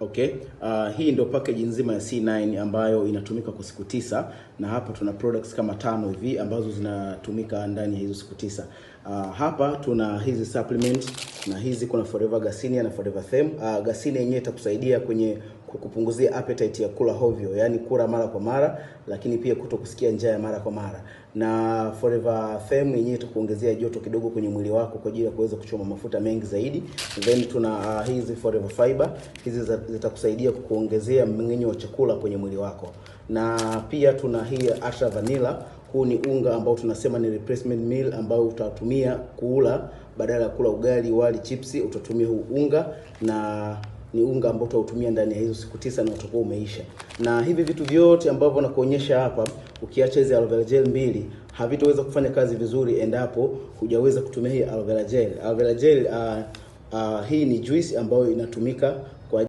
Okay. Uh, hii ndio package nzima ya C9 ambayo inatumika kwa siku tisa na hapa tuna products kama tano hivi ambazo zinatumika ndani ya hizo siku tisa. Uh, hapa tuna hizi supplement na hizi kuna Forever Gasinia na Forever Therm. Uh, Gasinia yenyewe itakusaidia kwenye kukupunguzia appetite ya kula hovyo, yani kula mara kwa mara, lakini pia kutokusikia njaa ya mara kwa mara. Na Forever Femme yenyewe itakuongezea joto kidogo kwenye mwili wako kwa ajili ya kuweza kuchoma mafuta mengi zaidi. Then tuna uh, hizi Forever Fiber, hizi zitakusaidia kukuongezea mmeng'enyo wa chakula kwenye mwili wako, na pia tuna hii Ultra Vanilla huu ni unga ambao tunasema ni replacement meal ambao utatumia kuula badala ya kula ugali, wali, chipsi, utatumia huu unga na ni unga ambao utautumia ndani ya hizo siku tisa na utakuwa umeisha. Na hivi vitu vyote ambavyo nakuonyesha hapa, ukiacha hizi aloe vera gel mbili, havitoweza kufanya kazi vizuri endapo hujaweza kutumia hii aloe vera gel. Aloe vera gel uh, uh, hii ni juice ambayo inatumika kwa